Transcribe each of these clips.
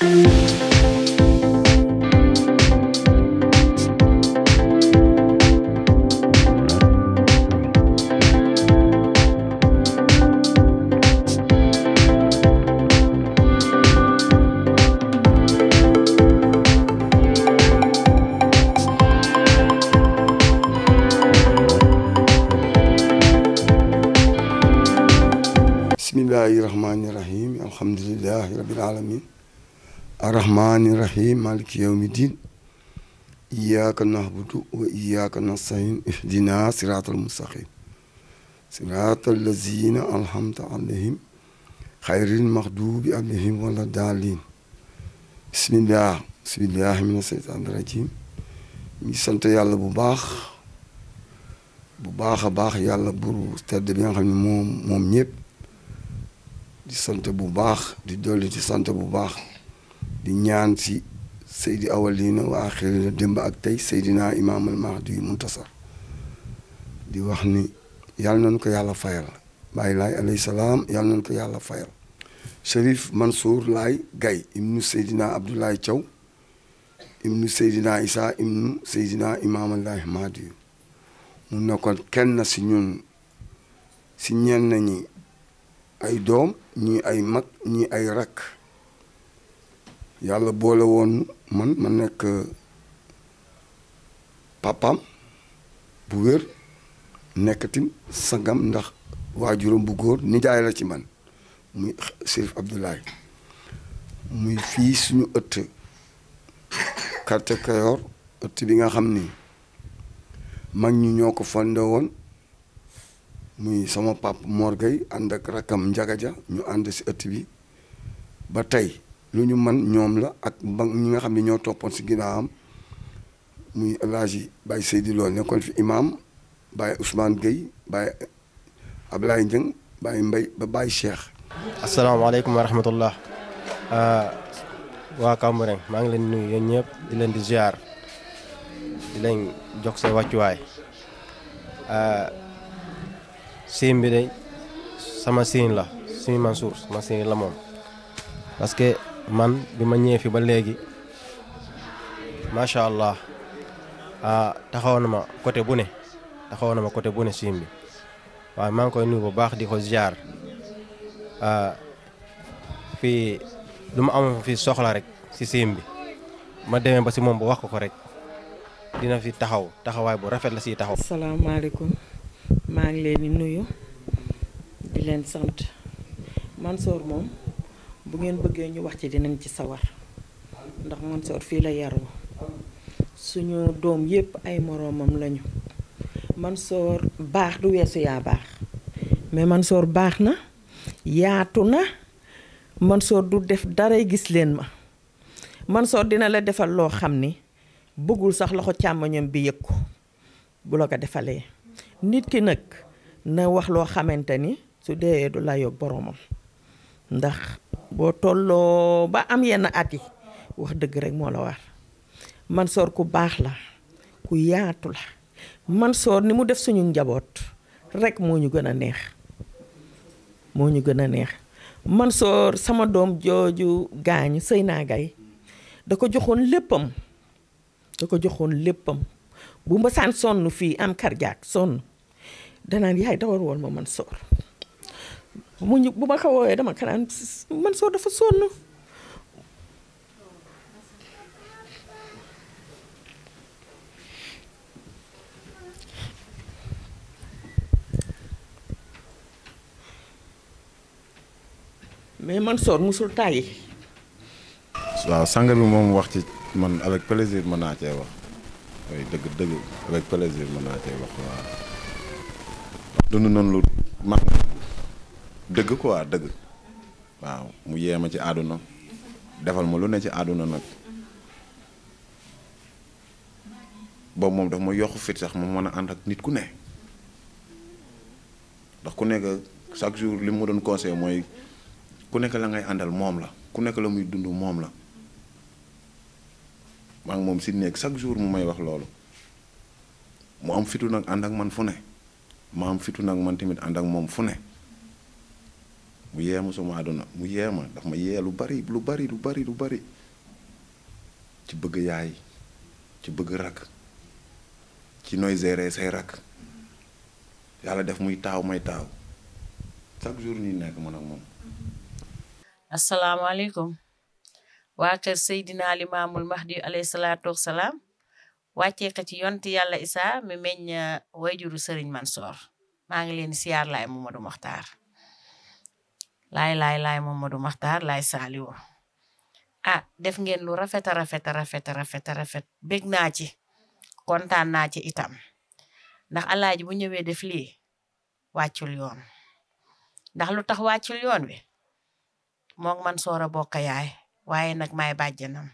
thank you rahmaani rahim maliki yawmi diin iyyaka nahbudu wa iyyaka nastain ihdina siraatal mustaqim siraatal lazina alhamta alayhim xayril maxduubi alayhim wala daalin bismillah bismillahi mina seytaan rajim ñu ngi sant bu baax bu baax a baax yàlla buru tedd bi nga moom moom ñëpp di sant bu baax di dolli di sant bu baax di ñaan si saydi awalina wa axirina démb ak tey seydina imaamal mahdi yu muntasar di wax ni yàlla nañu ko yàlla fayal bàyyi laay alayhi salaam yàlla nañu ko yàlla fayal Cherif Mansour Laay Gaye ibnu seydina Abdoulaye Thiaw ibnu seydina Isaa ibnu seydina imaamal mahdi yu mu nekkoon kenn si ñun si ñenn ñi ay doom ñi ay mag ñi ay rakk yàlla boole woon man ma nekk papaam bu wér nekkatim sangam ndax waajuram bu góor nijaay la ci man muy Chérif Abdoulaye muy fii suñu ëtt quartier Kayor ëtt bi nga xam ni mag ñi ñoo ko fande woon muy sama pap Mor Gueye ànd ak rakam njagaja ñu ànd si ëtt bi ba tey lu ñu man ñoom la ak ba ñi nga xam ne ñoo toppoon si ginnaawam muy El Hadj Baye Seydi Lo nekkoon fi imam Baye Ousmane Gueye Baye Ablaye Ndieng Baye Mbaye ba Baye Cheikh. asalaamaaleykum wa rahmatullah waa Cambérène maa ngi leen nuyu yéen ñëpp di leen di ziar di leen jox sa wàccuwaay siin bi de sama siin la siin Mansour sama siin la moom parce man bi ma ñëwee fi ba léegi macha allah taxaw na ma côté bu ne taxaw na ma côté bu ne siim bi waaye maa ngi koy nuyu bu baax di ko ziar fii lu ma am fi soxla rek si siim bi ma demee ba si moom bu wax ko ko rek dina fi taxaw taxawaay bu rafet la siy taxaw. asalaamaaleykum maa ngi leen di nuyu di leen sant Mansour moom. bu ngeen bëggee ñu wax ci dinañ ci sawar ndax Mansour fii la yaroo suñu doom yépp ay moroomam lañu Mansour baax du weesu yaa baax mais Mansour baax na yaatu na Mansour du def daray gis leen ma Mansour dina la defal loo xam ni bëggul sax loxo càmmoñam bi yëg ko bu la ko defalee nit ki nag na wax loo xamante ni su dee du la yóbbu ndax boo tolloo ba am yenn at yi wax dëgg rek moo la war Mansoor ku baax la ku yaatu la Mansoor ni mu def suñu njaboot rekk moo ñu gën a neex moo ñu gën a neex Mansoor sama doom jooju gaañu sëy naa gay da ko joxoon léppam da ko joxoon léppam bu ma sonn fii am cardiaque sonn danaan yaay dawal woon ma Mansoor mu ñu bu ma ko woowee dama kanaan man soo dafa sonn mais Mansour musul tàyyi. waaw sàngar bi moom wax ci man avec plaisir mën naa cee wax oui dëgg dëgg avec plaisir mën naa cee wax waaw. dund nañ lu mag. dëgg ko quoi dëgg waaw mu yéema ci àdduna defal ma lu ne ci àdduna nag boobu moom daf ma yokk fit sax ma mën a ànd ak nit ku ne ndax ku nekk chaque jour li mu doon conseil mooy ku nekk la ngay àndal moom la ku nekk la muy dund moom la maa ngi moom si nekk chaque jour mu may wax loolu mu am fitu nag ànd ak man fu ne ma am fitu nag man tamit ànd ak moom fu ne mu yee ma sama àdduna mu yee ma daf ma yee lu bari lu bari lu bari lu bari ci bëgg yaay ci bëgg rakk ci nooy gérer say rakk yàlla def muy taaw may taaw chaque jour ñuy nekk man ak moom. asalaamaaleykum waa kër Seydina Limaamul Mahdi alayhi salaatu wasalaam wàccee ko ci yont yàlla Isa mi meññ uh, wayjuru Serigne Mansoor maa ngi leen siyaar laay Mamadou Mokhtar. laay laay laay Mamadou Makhtar laay Saliou a ah, def ngeen lu rafet a rafet a rafet a rafet a naa ci kontaan naa ci itam ndax alaaji bu ñëwee def lii wàccul yoon ndax lu tax wàccul yoon bi moog man soora bokk yaay waaye nag maay bàjjanam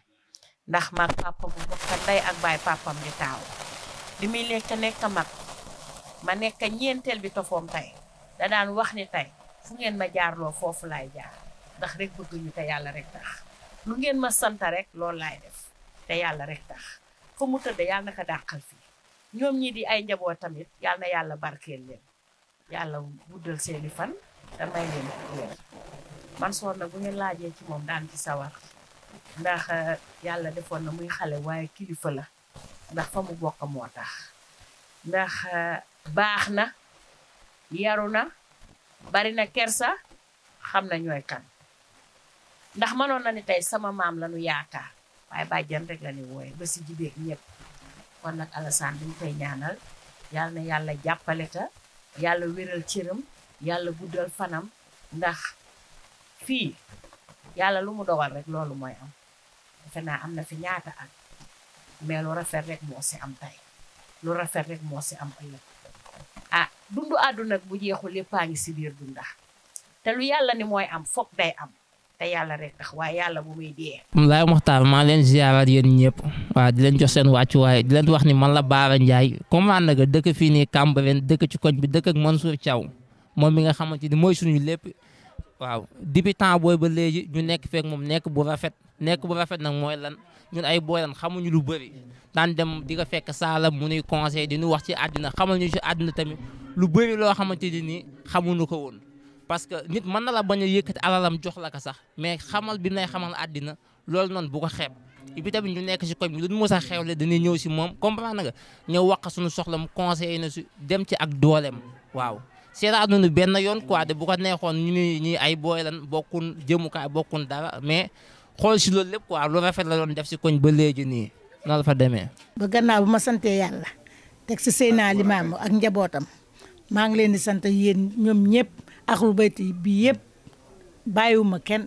ndax maag papa bu bokk ndey ak baay papam di taaw li muy lekk nekk mag ma nekk ñeenteel bi tofoom tay da daan wax ni tey fu ngeen ma jaarloo foofu laay jaar ndax rek bëgg te yàlla rek tax lu ngeen ma sant rekk loolu lay def te yàlla rek tax fa mu tëdd yàlla dàqal fii ñoom ñi di ay njaboot tamit yàlla yàlla barkeel leen yàlla guddal seeni fan te may leen man soor na bu ngeen laajee ci moom daan ci sawar ndax eh, yàlla defoon na muy xale waaye kilifa la ndax fa mu bokk moo tax ndax eh, baax na yaru na bari na kersa xam na ñooy kan ndax mënoon na ni tey sama maam la ñu waaye bàjjan rek la ni wooye ba si jibeeg ñëpp kon nag Alassane dañ koy ñaanal yàlla na yàlla jàppale ta yàlla wéral cëram yàlla guddal fanam ndax fii yàlla lu mu dogal rek loolu mooy am defe naa am na fi ñaata at mais lu rafet rek moo si am tey lu rafet rek moo si am ëllëg dund àdduna bu jeexul lépp a ngi si biir dunda te yàlla ni mooy am foog day am te yàlla rek tax waaye yàlla bu muy dee. Laay Moxtaar maa leen ziaraat yéen ñëpp waaw di leen jox seen wàccuwaay di leen wax ni man la Baara Ndiaye comprendre nga dëkk fii ni nii Cambérène dëkk ci koñ bi dëkk ak Mansour Thiaw moom mi nga xamante ni mooy suñu lépp. waaw depuis temps booy ba léegi ñu nekk fek moom nekk bu rafet nekk bu rafet nag mooy lan ñun ay booyran xamuñu lu bëri daan dem di ko fekk saala mu nuy conseil di ñu wax ci àddina xamal ñu ci àddina tamit lu bëri loo xamante ni nii xamuñu ko woon parce que nit mën na la bañ a yëkkati alalam jox la ko sax mais xamal bi nay xamal àddina loolu noonu bu ko xeeb bi tamit ñu nekk si koñ bi lu ñu mos a xewle dañuy ñëw si moom comprendre nga ñëw wax suñu soxla mu conseillé na si dem ci ak dooleem waaw seetaanu nu benn yoon quoi de bu ko neexoon ñu xool si loolu lépp quoi lu rafet la doon def si koñ ba léegi nii noonu la fa demee. ba gannaaw bu ma santee yàlla teg si naa ah, Limaamu ak njabootam maa ngi leen di sant yéen ñoom ñëpp axlu bayti bi yëpp bàyyiwuma kenn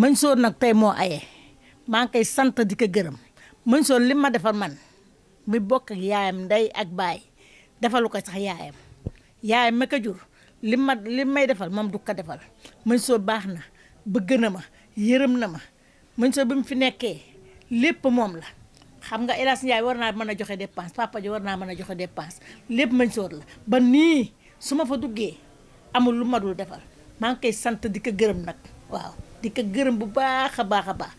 Mansour nag tey moo aye maa ngi koy sant di ko gërëm Mansour li ma defal man mi bokk yaayam ndey ak baay defalu ko sax yaayam yaayam ma ko jur li ma li may defal moom du ko defal Mansour baax na bëgg na ma. yërëm na ma mën sa bi mu fi nekkee lépp moom la xam nga El Hadj war naa mën a joxe dépense papa ji war naa mën a joxe dépense lépp mañ soor la ba nii su ma fa duggee amul lu ma dul defal maa ngi koy sant di ko gërëm nag waaw di ko gërëm bu baax a baax a baax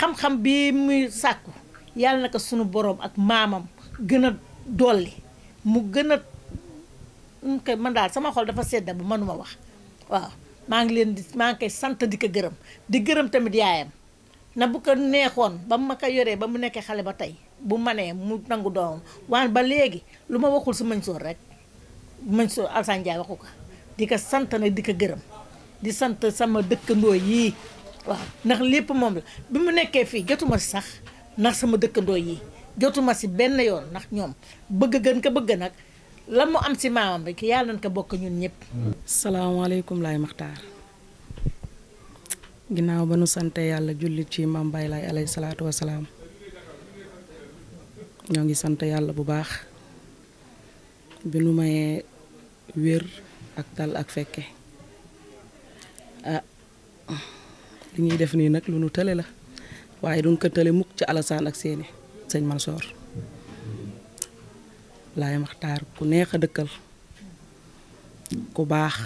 xam-xam bi muy sàkku yàlla na ko sunu borom ak maamam gën a dolli mu gën a koy man daal sama xol dafa sedda bu mënuma wax waaw maa ngi leen di maa ngi koy sant di ko gërëm di gërëm tamit yaayam na bu ko neexoon ba mu ma ko yoree ba mu nekkee xale ba tey bu manee mu nangu doomam waan ba léegi lu ma waxul si Mansour rek Mansour Alassane Ndiaye waxu ko di ko sant nag di ko gërëm di sant sama dëkkandoo yii waaw ndax lépp moom la bi mu nekkee fii jotuma si sax ndax sama dëkkandoo yii jotuma si benn yoon ndax ñoom bëgg gën ko bëgg nag lan mu am si maamam rek yàlla nañ ko bokk ñun ñëpp. salaamaaleykum laay maxtaar ginnaaw ba nu sante yàlla jullit ci maam Baye Laay alayhi salaatu wa salaam ñoo ngi sant yàlla bu baax bi nu mayee wér ak tal ak fekke ah, li ñuy def nii nag lu nu tële la waaye duñ ko tële mukk ci alasaan ak seeni sëñ Mansoor lay Maxtaar ku neex a dëkkal ku baax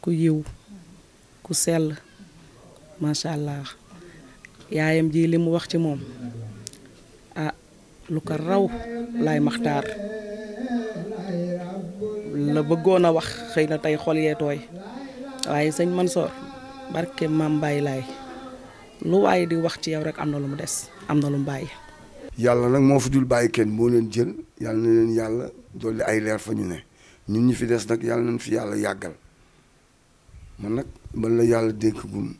ku yiw ku sell macha allah yaayam ji li mu wax ci moom ah lu ko raw lay maxtar la bëggoon a wax xëy na tey xol yee tooy waaye sëñ Mansoor barke maam Baay Laay lu waaye di wax ci yow rek am na lu mu des am na lu mu bàyyi yàlla nag moo fi dul bàyyi kenn moo leen jël yàlla na leen yàlla dolli ay leer fa ñu ne ñun ñi fi des nag yàlla nañ fi yàlla yàggal man nag man la yàlla dénk gum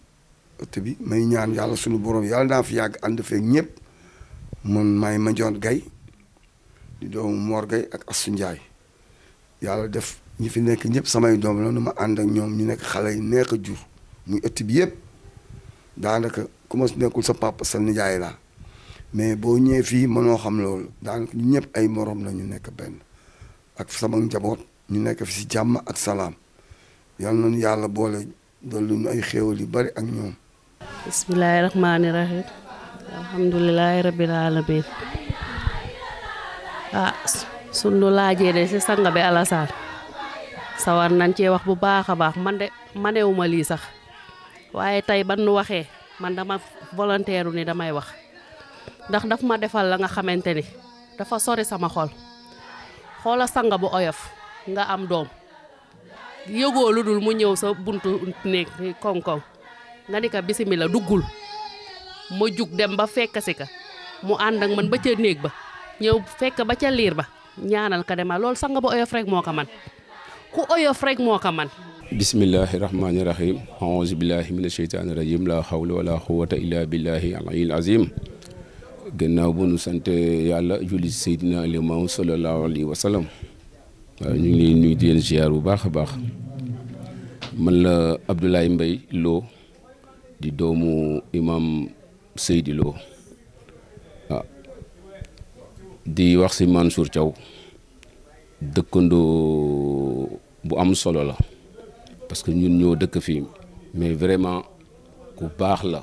ëtt bi may ñaan yàlla suñu borom yàlla naa fi yàgg ànd feeg ñëpp man maay Mandione Gaye di doomu Mor Gaye ak Astou Ndiaye yàlla def ñi fi nekk ñëpp samay doom la nu ma ànd ak ñoom ñu nekk xale yi neex a jur muy ëtt bi yëpp daanaka ku ma nekkul sa papa sa nijaay laa mais boo ñëwee fii mënoo xam loolu donc ñëpp ay moroom la ñu nekk benn ak sama njaboot ñu nekk fi si jàmm ak salaam yal nañu yàlla boole doon lu ñu ay xéewal yu bari ak ñoom. bismillahi rahmaani rahim alhamdulilahi rabbil alamin ah sunu laajee de si sanga bi Alassane sawar nañ cee wax bu baax a baax man de manewuma lii sax waaye tey ban nu waxee man dama volontaire ni damay wax. ndax daf ma defal la nga xamante ni dafa sori sama xol xoola sanga bu oyof nga am doom yëgoo lu dul mu ñëw sa buntu néeg koŋ-koŋ nga ni ka bisimila duggul ma jug dem ba fekk si ka mu ànd ak man ba ca néeg ba ñëw fekk ba ca liir ba ñaanal ka demal lool sanga bu oyof rek moo ko man ku oyof rek moo ko man bismillahi rahmaani rahim aouzu billahi mina sheytaani rajim la hawla wala quwata illa billahi al aliyyil gannaaw bu nu sant yàlla julli seydina limaamu sallallahu alayhi wa sallam ñu ngi nu nuyu di leen ziar bu baax a baax man la Abdoulaye mbay loo di doomu imam Seydi Lo ah, di wax si Mansour Thiaw dëkkandoo bu am solo la parce que ñun ñoo dëkk fii mais vraiment ku baax la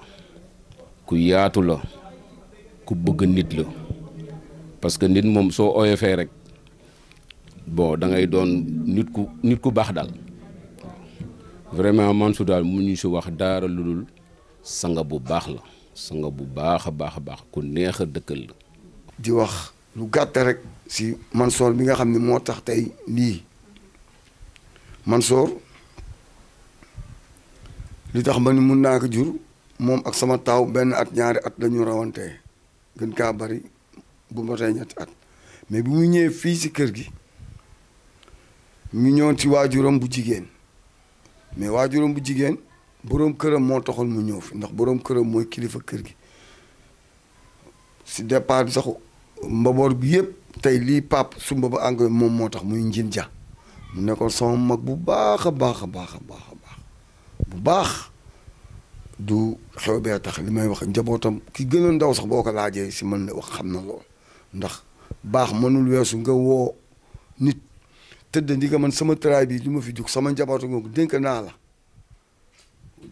ku yaatu la ku bëgg nit la parce que nit moom soo oyofee rek bo da ngay doon nit ku nit ku baax daal vraiment Mansour daal mu ñu si wax daara lu dul sanga bu baax la sanga bu baax a baax a baax ku neex a dëkkal la. di wax lu gàtte rek si Mansour bi nga xam ni moo tax tey lii Mansour li tax ma ni mun naa ko jur moom ak sama taaw benn at ñaari at lañu ñu rawantee gën kaa bari bu motee ñetti at mais bi mu ñëwee fii si kër gi ñu ñëwoon ci waajuram bu jigéen mais waajuram bu jigéen boroom këram moo taxoon mu ñëw fi ndax boroom këram mooy kilifa kër gi si départ bi sax mbaboor bi yëpp tey lii pap sumba ba angoy moom moo tax muy njin ja mu nekkoon sama mag bu baax a baax a baax a baax bu baax du xew bee tax li may wax njabootam ki gën a ndaw sax boo ko laajee si mën na wax xam na lool ndax baax mënul weesu nga woo nit tëdd ndi nga man sama tëraay bii li ma fi jug sama njaboot nga dénk naa la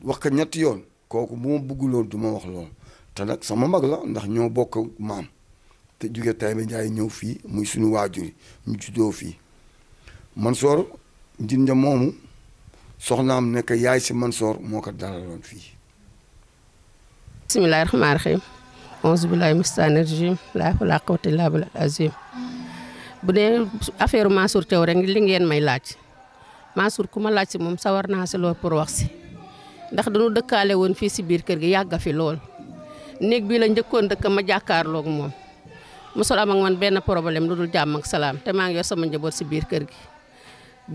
wax ko ñetti yoon kooku bu bëgguloon du ma wax lool te nag sama mag la ndax ñoo bokk maam te jóge Taïba njaay ñëw fii muy suñu waajur yi ñu juddoo fii Mansoor njin ja moomu am nekk yaay si Mansoor moo ko dalaloon fii bisimilahi rahmaani rahim onze bilahi mustani rajim laa laa qawta illaa bil azim bu dee affaire Mansour Thiaw rek li ngeen may laaj Mansour ku ma laaj si moom sawar naa si lool pour wax si ndax dañu dëkkaale woon fii si biir kër gi yàgga fi lool néeg bii la njëkkoon dëkk ma jàkkaarloog moom mosul am ak man benn problème lu dul jàmm ak salaam te maa ngi yor sama njaboot si biir kër gi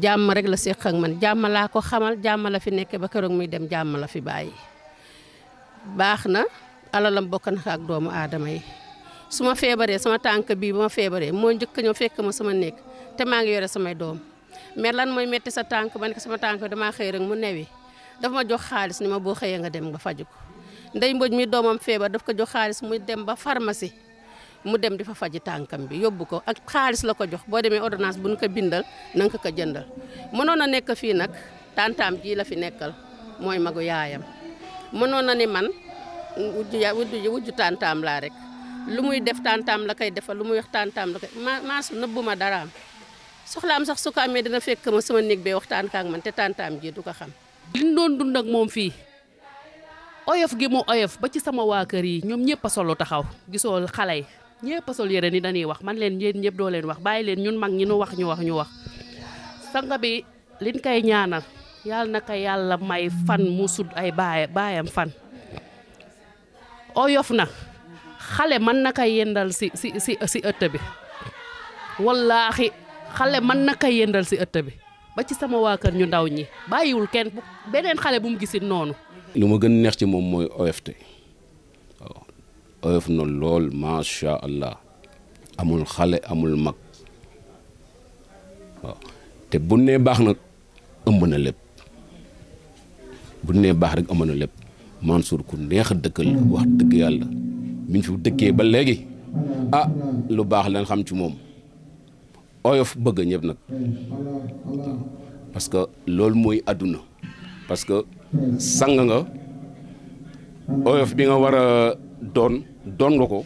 jàmm rek la séq ak man jàmm laa ko xamal jàmm la fi nekk ba keroog muy dem jàmm la fi bàyyi baax na alalam bokk na ak doomu aadama yi su ma feebaree sama tànk bii ba ma feebaree mooy njëkk ñëw fekk ma sama néeg te maa ngi yore samay doom mais lan mooy metti sa tànk ba sama tànk damaa xëy rek mu newi dafa jox xaalis ni ma boo xëyee nga dem nga faju ko ndey mboj mi doomam feebar daf ko jox xaalis muy dem ba pharmacie mu dem di fa faji tànkam bi yóbbu ko ak xaalis la ko jox boo demee ordonnance bu nu ko bindal nanga ko ko jëndal mënoon a nekk fii nag tàntaam jii la fi nekkal mooy magu yaayam mënoon na ni man wujju ya wujju tàntaam laa rek lu muy def tàntaam la koy defal lu muy wax tàntaam la koy ma maasu nëbbu ma daraam soxlaam sax su ko amee dina fekk ma sama néeg bee waxtaan kaak man te tàntaam ji du ko xam. liñ doon dund moom fii oyof gi mu oyof ba ci sama waa kër yi ñoom ñëpp a taxaw gisoo xale yi ñëpp sol yére ni dañuy wax man leen yéen ñëpp doo leen wax bàyyi leen ñun mag ñi nu wax ñu wax ñu wax sanga bi liñ koy ñaanal. yàlla na ka yàlla may fan mu sud ay baay baayam fan oyof na xale mën na ko yendal si si si si ëtt bi wallaaxi xale man na ko yendal si ëtt bi ba ci sama waakar ñu ndaw ñi bàyyiwul kenn beneen xale bu mu gisin noonu lu ma gën neex ci moom mooy oyofte waaw oyof na lool macha allah amul xale amul mag te bu nee baax na ëmb na lépp bu nee baax rek amoon na lépp Mansour ku neex a dëkkal wax dëgg yàlla biñ fi dëkkee ba léegi ah lu baax lañ xam ci moom oyof bëgg ñëpp nag parce que loolu mooy àdduna parce que sang nga oyof bi nga war a doon doon nga ko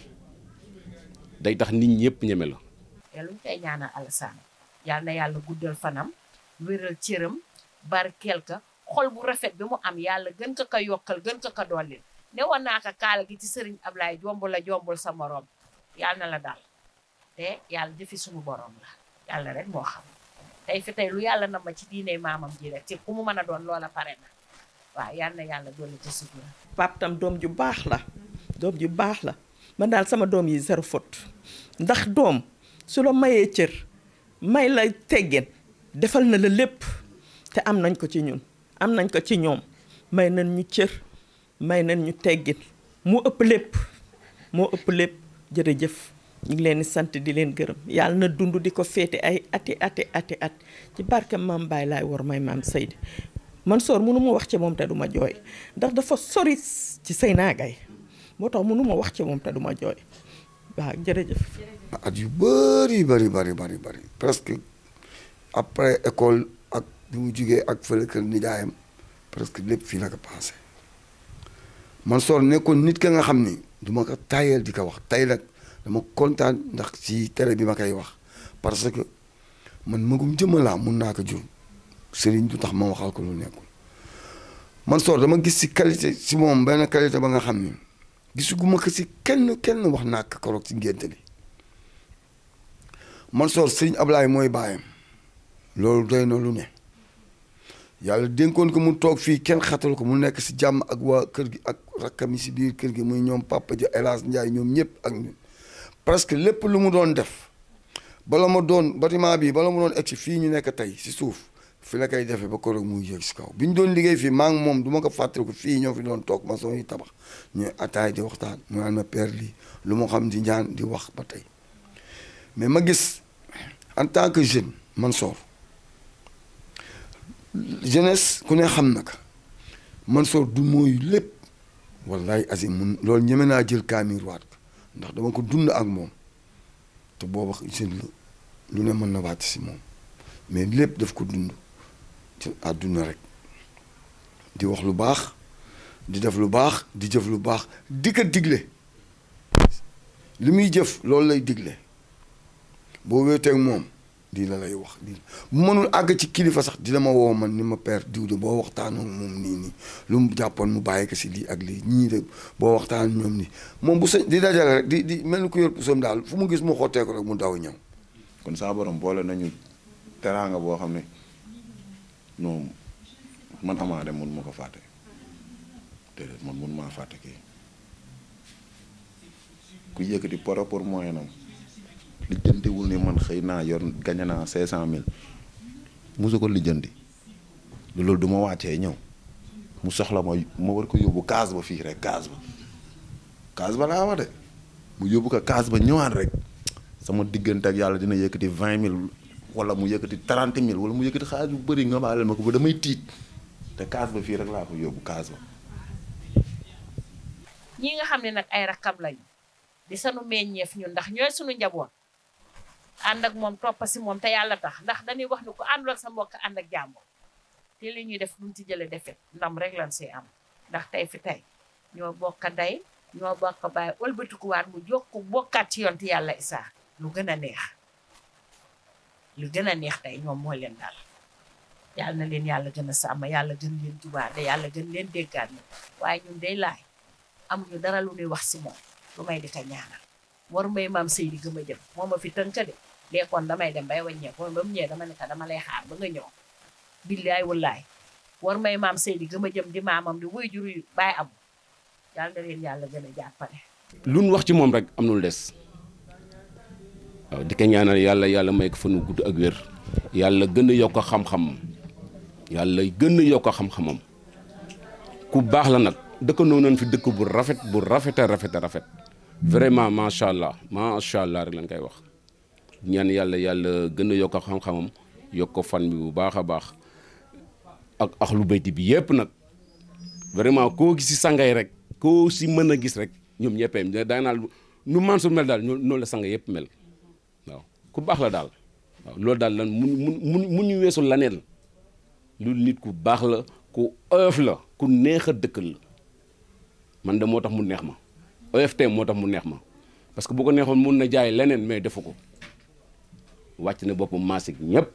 day tax nit ñëpp ñeme la. te guddal fanam wéral cëram barkeel ka xol bu rafet bi mu am yàlla gën ko ko yokkal gën ka ko dollil ne woon naa ko kaala gi ci sëriñ Ablaye jomb la jombul sa morom yàlla na la dal yàlla jëfi suñu borom yàlla rek moo xam tey fi tey lu yàlla na ma ci diine maamam ji rek ci ku mu mën a doon loola pare na waaw yàlla yàlla dolli ci sutura pap tam doom ju baax la doom ju baax la man daal sama doom yi zéro faute ndax doom su la mayee cër may la teggeen defal na la lépp te am nañ ko ci ñun am nañ ko ci ñoom may nañ ñu cër may nañ ñu teggin moo ëpp lépp moo ëpp lépp jërëjëf ñu ngi leen sant di leen gërëm yàlla na dund di ko féete ay ati ati ati at ci barke maam Baay laay war may maam Seydi Mansour mënu ma wax ci moom te du ma jooy ndax dafa sori ci say naagay moo tax mënu ma wax ci moom te du ma jooy waaw jërëjëf. at yu bëri bari bëri bari bëri presque après école. bi mu jugee ak fële daayam nijaayam que lépp fii la ko man Mansoor nekkoon nit ka nga xam ni du ma ko tayal di ko wax tey nag dama kontaan ndax si télé bi ma koy wax parce que man magum jëmm laa mun naa ko jur sëriñ du tax ma waxal ko lu man Mansoor dama gis si qualité si moom benn qualité ba nga xam ni gisuguma ko ci kenn kenn wax naa ko keroog ci man bi Mansoor sëriñ Ablaye mooy baayam loolu doy na lu ne. yàlla dénkoon ko mu toog fii kenn xatal ko mu nekk si jàmm ak waa kër gi ak rakkam yi si biir kër gi muy ñoom papa ji El Hadj Ndiaye ñoom ñëpp ak ñun presque lépp lu mu doon def ba la ma doon maa bii ba la ma doon egg si fii ñu nekk tey si suuf fi la koy defee ba koroog mu yéeg si kaw bi ñu doon liggéey fii maa ngi moom du ma ko fàttaliku fii ñoo fi doon toog maçon yi tabax ñu ataay di waxtaan mu naan ma père lii lu ma xam di ñaan di wax ba tey mais ma gis en tant que jeune man soor jeunesse ku ne xam nag man Mansour du mooyu lépp wallaay asi mun loolu ñeme naa jël kaamir ndax dama ko dund ak moom te booba jeune la lu ne mën na wàcc si moom mais lépp daf ko dund ci àdduna rek di wax lu baax di def lu baax di jëf lu baax di ko digle li muy jëf loolu lay digle boo wéeteeg moom di la lay wax di mënul àgg ci kilifa sax dina ma woo man ni ma père diw boo waxtaanoo moom nii nii lu mu jàppoon mu bàyyi ko si lii ak lii ñii de boo waxtaan ñoom nii moom bu sa di dajale rek di di mel ni ku yor pusoom daal fu mu gis mu xottee rek mu daw ñaw kon saa boole nañu teraanga boo xam ne non man Ama Dème mun ma ko fàtte déedéet man mun maa fàtte kii ku yëkkati par rapport moyen am lijjantiwul ni man xëy naa yoon gañe naa cinq cent mille musu ko lijjanti loolu duma wàccee ñëw mu soxla ma ma war ko yóbbu kaas ba fii rek kaas ba kaas ba laa wax de mu yóbbu ko kaas ba ñëwaat rek sama diggante ak yàlla dina yëkkati vingt mille wala mu yëkkati trente mille wala mu yëkkati xaalis bu bëri nga baaleel ma ko ba damay tiit te kaas ba fii rek laa ko yóbbu kaas nga xam ne nag ay rakkam lañu di sanu meññeef ñun ndax ñooy sunu njaboot ànd ak moom toppa si moom te yàlla tax ndax dañuy wax ni ku àndul ak sa mbokk ànd ak jàmbur te li ñuy def duñ ci jële defet ndam rek lan si am ndax tey fi tey ñoo bokk ndey ñoo bokk bàyyi wëlbatikuwaat mu jokk bokkaat ci yonti yàlla isaa lu gën a neex lu gën a neex tey ñoom moo leen dal yàlla na leen yàlla gën a sàmm yàlla gën leen jubaade yàlla gën leen déggaat na waaye ñun day laay amuñu dara lu ñuy wax si moom lu may di ko war may moo ma léegi kon damay dem bay wàññeeku kon ba mu ñëwee dama ne ko dama lay xaar ba nga ñëw. billaay wallaay war may maam Seydi gëm a jëm di maamam di wuy juru bàyyi am yàlla gën a jàppale. lu wax ci moom rek am na des waaw di yàlla yàlla may ko fan gudd ak wér yàlla gën yokk xam-xam yàlla gën a yokk xam-xamam ku baax la nag dëkkandoo nañ fi dëkk bu rafet bu rafet a rafet a rafet vraiment macha allah macha allah rek lañ koy wax. ñaan yàlla yàlla gën a yokk a xam-xamam yokk ko fan bi bu baax a baax ak lu bayti bi yëpp nag vraiment koo gis si sangay rek koo si mën a gis rek ñoom ñëppayam daa naal nu Mansour mel daal noonu la sanga yépp mel waaw ku baax la daal loolu daal lan mun mun mun ñu weesu laneen lu nit ku baax la ku oyof la ku neex a dëkkal la man de moo tax mu neex ma oyof tey moo tax mu neex ma parce que bu ko neexoon mun na jaay leneen mais defu ko wàcc na boppam maasik ñëpp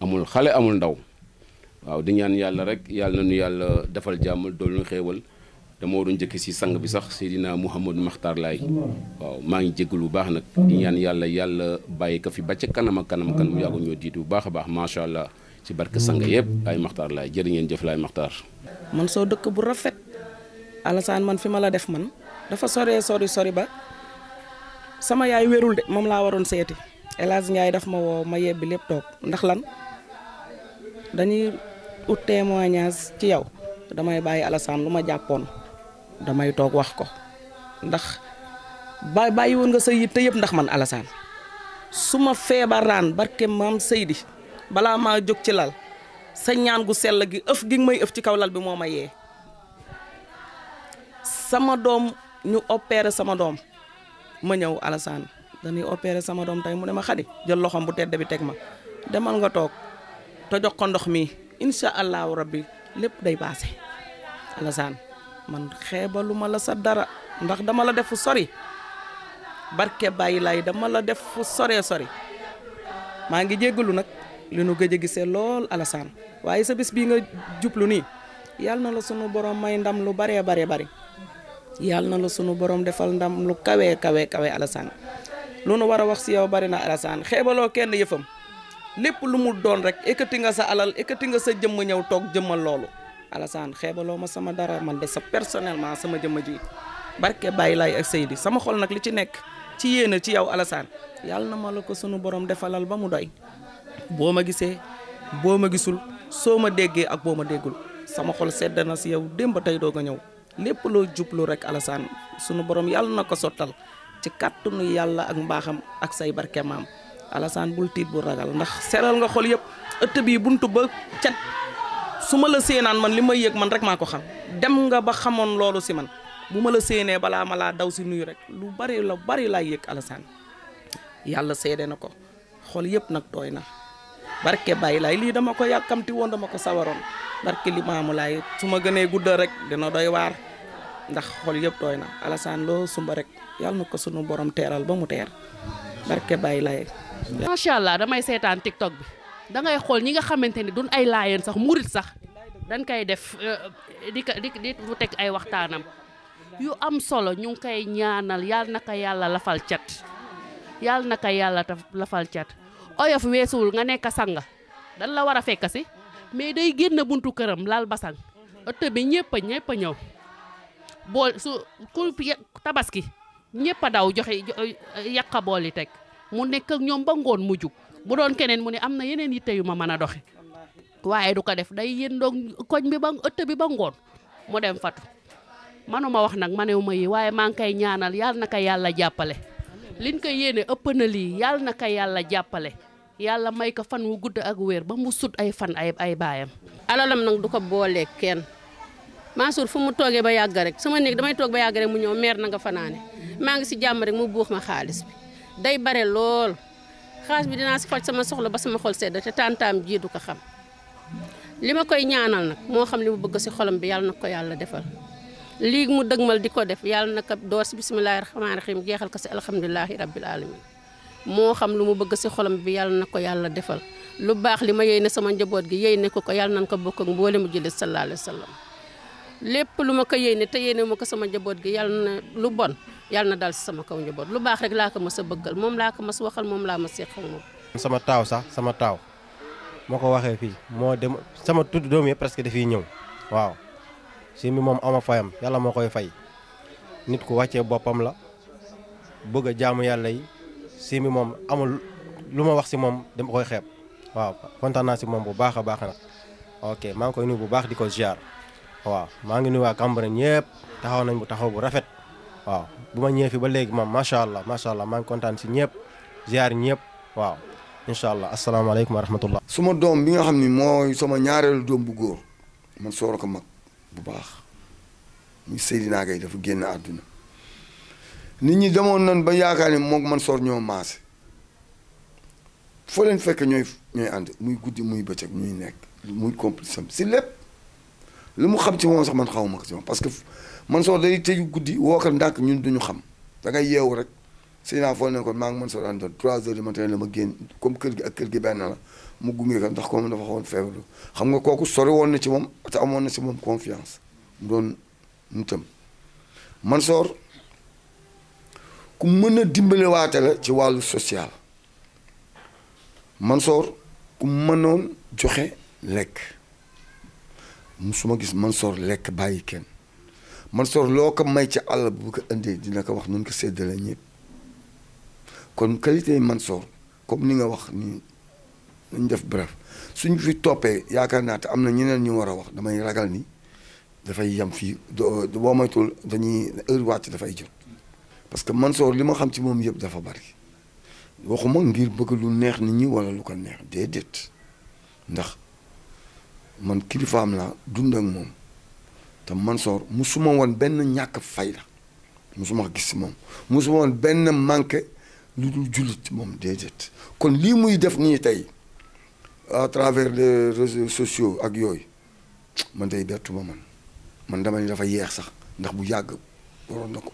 amul xale amul ndaw waaw di ñaan yàlla rek yàlla na nu yàlla defal jàmm dool nu xéewal dama waroon njëkk si sang bi sax Seydina Mouhamadou Makhtar Laye waaw maa ngi jégalu bu baax nag di ñaan yàlla yàlla bàyyi ko fi ba ca kanam ak kanam kan diit bu baax a baax macha allah ci barke sang yëpp ay Makhtar Laye jërë ngeen jëf laay Makhtar. man soo dëkk bu rafet Alassane man fi ma la def man dafa sore sori sori ba sama yaay wérul de moom laa waroon seeti. El Hadj Ndiaye daf ma woo ma yebbi lépp toog ndax lan dañuy ut témoignage ci yow damay bàyyi Alassane lu ma jàppoon damay toog wax ko ndax ba bàyyi woon nga sa te yëpp ndax man Alassane su ma feebaraan barke maam Seydi balaa maa jóg ci lal sa ñaan gu sell gi ëf gi may ëf ci kaw lal bi moo ma yee sama doom ñu opéré sama doom ma ñëw Alassane dañuy opéré sama doom tey mu ne ma xadi jël loxoom bu tedd bi teg ma demal nga toog te jox ko ndox mi incha allahu rabbi lépp day paase Alassane man xeebalu ma la sa dara ndax dama la def fu sori barke bàyyi laay dama la def fu soree sori maa ngi jéggalu nag li nu gëj a gisee lool Alassane waaye sa bis bii nga jublu nii yàlla na la sunu borom may ndam lu baree baree bari yàlla na la sunu borom defal ndam lu kawe kawe kawe Alassane lu nu war a wax si yow bari na Alassane xeebaloo kenn yëfam lépp lu mu doon rek ekkati nga sa alal ekkati nga sa jëmm ñëw toog jëmmal loolu Alassane xeebaloo ma sama dara man de sa personnellement sama jëmm ji barke bàyyi laay ak Seydi sama xol nag li ci nekk ci yéen ci yow Alassane yàlla na ma la ko sunu borom defalal ba mu doy boo ma gisee boo ma gisul soo ma déggee ak boo ma déggul sama xol sedd na si yow démb tey doog a ñëw lépp loo jublu rek Alassane sunu borom yàlla na ko sottal. ci kàttanu yàlla ak mbaaxam ak say barke maam Alassane bul tiit bu ragal ndax seral nga xol yëpp ëtt bii buntu ba cat su ma la séenaan man li may yëg man rek maa ko xam dem nga ba xamoon loolu si man bu ma la séenee balaa ma laa daw si nuyu rek lu bari la bari laa yëg Alassane yàlla seede na ko xol yëpp nag tooy na barke bàyyi laay lii dama ko yàkkamti woon dama ko sawaroon barke li maamu laay su ma gënee guddal rek dina doy waar ndax xol yëpp yàlla na ko sunu borom teeral ba mu teer barke Baye Laye. macha allah damay seetaan TikTok bi dangay xool ñi nga xamante ni duñ ay laayeen sax murit sax dañ koy def euh, di ko di mu teg ay waxtaanam yu am solo ñu ngi koy ñaanal yàlla na ko yàlla lafal cat yàlla na ko yàlla lafal cat oyof weesuwul nga nekk sanga dan la war a fekk si mais day génn buntu këram laal basang ëtt bi ñëpp a ñëpp ñëw bool su ku tabaski. ñëpp a daw joxe yàq a booli mu nekk ñoom ba ngoon mu jug mu doon keneen mu ne am na yeneen yitte yu ma mën a doxe waaye du ko def day yëndoog koñ bi ba ëtt bi ba ngoon mu dem fatu manuma wax nag manewuma yi waaye maa ngi koy ñaanal yàlla na ko yàlla jàppale lin koy yéene ëpp na lii yàlla na ko yàlla jàppale yàlla may ko fan wu gudd ak wér ba mu sut ay fan ay ay baayam alalam nag du ko boole ken Mansour fu mu toogee ba yàgg rek sama néeg damay toog ba yàgg rek mu ñëw meer na nga fanaane maa ngi si jàmm rek mu buux ma xaalis bi day bare lool xaalis bi dinaa si faj sama soxla ba sama xol sedd te tàntaam jii du ko xam li ma koy ñaanal nag moo xam li mu bëgg si xolam bi yàlla na ko yàlla defal lii mu dëgmal di ko def yàlla na ko door si bisimilahi rahmaani rahim jeexal ko si alhamdulilahi rabbil alamin moo xam lu mu bëgg si xolam bi yàlla na ko yàlla defal lu baax li ma yéy ne sama njaboot gi yey ne ko ko yàlla nañ ko bokk ak mboolem mu jullit sallallahu alayhi wa sallam lépp lu ma ko yéene te yéene ma ko sama njaboot gi yàlla na lu bon yàlla na dal si sama kaw njaboot lu baax rek laa ko mas a bëggal moom laa ko sa waxal moom laa ma seqal moom. sama taaw sax sama taaw moo ko waxee fii moo dem sama tudd doom yi presque dafay ñëw waaw si mi moom ama fayam yàlla moo koy fay nit ku wàccee boppam la bëgg a jaamu yàlla yi si mi moom amul lu ma wax si moom dem koy xeeb waaw kontaan naa si moom bu baax a baax nag ok maa ngi koy nuyu bu baax di ko ziar. waaw maa ngi nuyu waa Cambérène ñëpp taxaw nañ bu taxaw bu rafet waaw bu ma ñëwee ba léegi ma macha allah macha allah maa ngi kontaan si ñëpp ziar ñëpp waaw incha allah asalaamaaleykum wa rahmatullah suma doom bi nga xam ni mooy sama ñaareelu doom bu góor man soor ko mag bu baax muy Seydina Gaye dafa génn àdduna nit ñi demoon nañ ba yaakaar ni moom man soor ñoo maase foo leen fekk ñooy ñooy ànd muy guddi muy bëccëg ñuy nekk muy complice am si lépp li mu xam ci moom sax man xaw ma ko ci moom parce que man soo day tëju guddi woo ko ndànk ñun duñu xam da ngay yeewu rek sëy naa foo nekkoon maa ngi mën soo daan doon trois heures du matin la ma comme kër gi ak kër gi benn la mu gunge ko ndax comme dafa xawoon feebaru xam nga kooku sori woon na ci moom te amoon na ci moom confiance mu doon mu man soor ku mën a dimbale waate la ci wàllu social man soor ku mënoon joxe lekk su ma gis Mansoor lekk bàyyi kenn Mansoor loo ko may ci àll bu ko indee dina ko wax nun ko séddale ñëpp kon qualité yi Mansoor comme ni nga wax ni nañ def bref suñ fi toppee yaakaar naa te am na ñeneen ñu war a wax damay ragal ni dafay yem fii boo moytul dañuy heure wàcc dafay jot parce que Mansoor li ma xam ci moom yëpp dafa bari waxuma ngir bëgg lu neex nit ñi wala lu ko neex déedéet ndax man kilifaam laa dund moom te Mansoor musuma woon benn ñàkk fayda musuma gis si moom musuma woon benn manqué lu dul jullit moom déedéet kon lii muy def nii tey à travers les réseaux sociaux ak yooyu man day bettuma man man dama ni dafa yeex sax ndax bu yàgg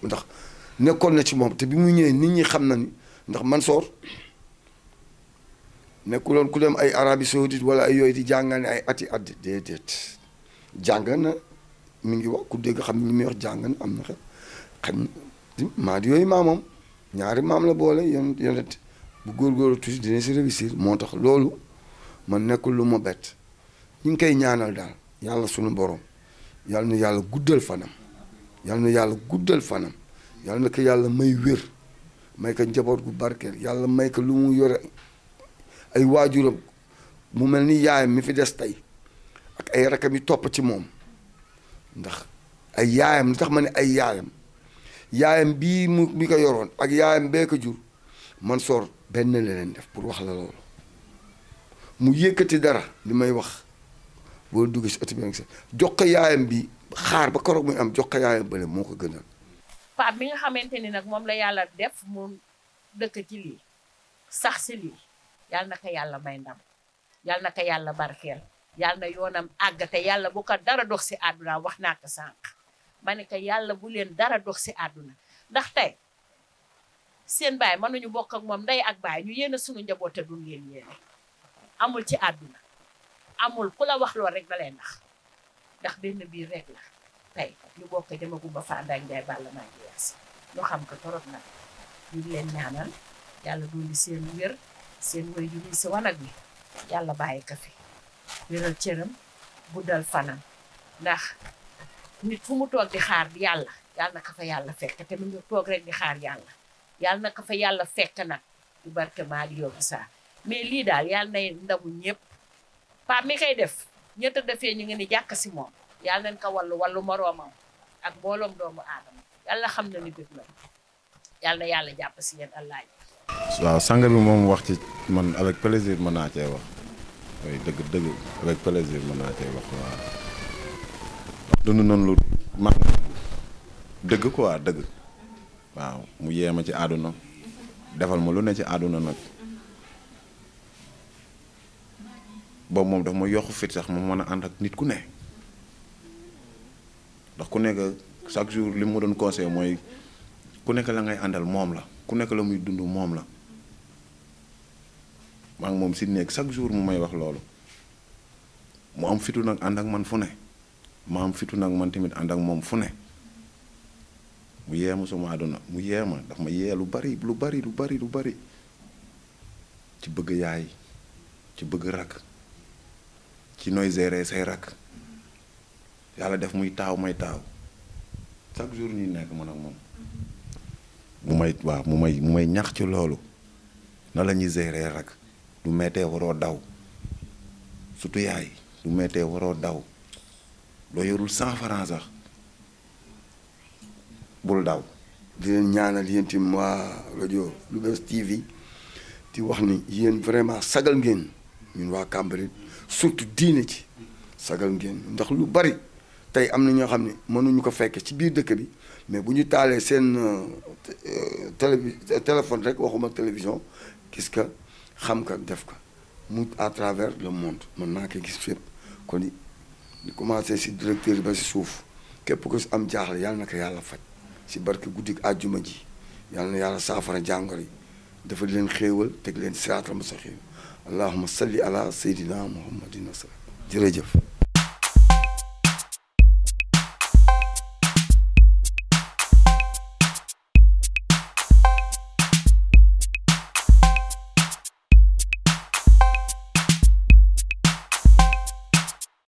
ndax nekkoon na ci moom te bi mu ñëwee nit ñi xam na ni ndax Mansoor nekkuloon ku dem ay Arabie Saoudite wala ay yooyu di jàngal ne ay ati at déedéet jàng na mu ngi wax ku dégg xam ni muy wax jàng am na xam maa di yooyu maamoom ñaari maam la boole bu góorgóorlu toujours dina si réussir moo tax loolu man nekkul lu ma bett ñu ngi koy ñaanal daal yàlla sunu borom yàlla na yàlla guddal fanam yàlla na yàlla guddal fanam yàlla na yàlla may wér may ko njaboot gu barkeel yàlla may ko lu mu yore ay waajuram mu mel ni yaayam mi fi des tey ak ay rakam yi topp ci moom ndax ay yaayam li tax ma ne ay yaayam yaayam bii mu mi ko yoroon ak yaayam bee ko jur Mansoor benn la leen def pour wax la loolu mu yëkkati dara li may wax boo duggee si at bi jox ko yaayam bi xaar ba koroog muy am jox ko yaayam bële moo ko gënal. Pape bi nga xamante ni nag moom la yàlla def mu dëkk lii sax si lii. yal na ka yàlla may ndam yal na ka yàlla barkeel yal na yoonam àggate yàlla bu ko dara dox si àdduna wax naa ko sànq ma ne ko yàlla bu leen dara dox si àdduna ndax tey seen baay mënuñu bokk ak moom ndey ak baay ñu yéene suñu njaboot te duñ leen yéene amul ci àdduna amul ku la wax lool rek da lay nax ndax benn biir rek la tey ñu bokk demaguma Fanda Ndiaye Balla maa ngi yaas ñu xam ko torop nag ñu leen ñaanal yàlla dolli seen wér. seen way ju si wanag wi yàlla bàyyi ko fi wéral cëram guddal fanam ndax nit fu mu toog di xaar yàlla yàlla na ko yàlla fekk toog rek di xaar yàlla yàlla na ko fa yàlla fekk nag di barke maa di yóbbu saa mais lii daal yàlla nay ndamu ñëpp pa mi kay def ñett defee ñu ngi ni jàkk si moom yàlla nañ ko wallu wallu moroomam ak mbooloom doomu aadama yàlla xam na ni bég na yàlla yàlla jàpp si yéen allah waaw sang bi moom wax ci man avec plaisir mën naa cee wax dëgg dëgg avec plaisir mën naa cee wax waaw wax dund noonu lu mag dëgg quoi dëgg waaw mu yee ma ci àdduna defal ma lu ne ci àdduna nag boobu moom daf ma yokk fit sax ma mën a ànd ak nit ku ne ndax ku nekk chaque jour li mu doon conseil mooy ku nekk la ngay àndal moom la ku nekk la muy dund moom la maa ngi moom si nekk chaque jour mu may wax loolu mu am fitu nag ànd ak man fu ne ma nag man ànd ak moom fu mu yee ma sama àdduna mu yee ma daf ma yee lu bari lu bari lu bari lu bari ci bëgg yaay ci bëgg rakk ci nooy gérer say rakk yàlla def muy taaw may taaw chaque jour ñuy nekk mën ak moom mu may waaw mu may mu may ñax ci loolu na la ñuy gérer rek du mettee waroo daw surtout yaay du mettee waroo daw loo yorul cent francs sax bul daw di leen ñaanal yéen tim waa rajo Lou'Bess TV di wax ni yéen vraiment sagal ngeen ñun waa Cambérène surtout diine ci sagal ngeen ndax lu bari tey am na ñoo xam ne mënuñu ko fekk ci biir dëkk bi mais bu ñu taalee seen euh, télévi euh, téléphone rek waxuma télévision gis ka xam ka def ko mu à travers le monde man naa ko gis fépp kon ni commencé si directeur ba si suuf képp ko si am jaaxle yàlla na ko yàlla faj si barke guddik àjjuma ji yàlla na yàlla saafara jàngoro yi dafa leen xéewal teg leen siraatal mustaqim allahumma salli ala sayyidina muhammadin wa sallam jërëjëf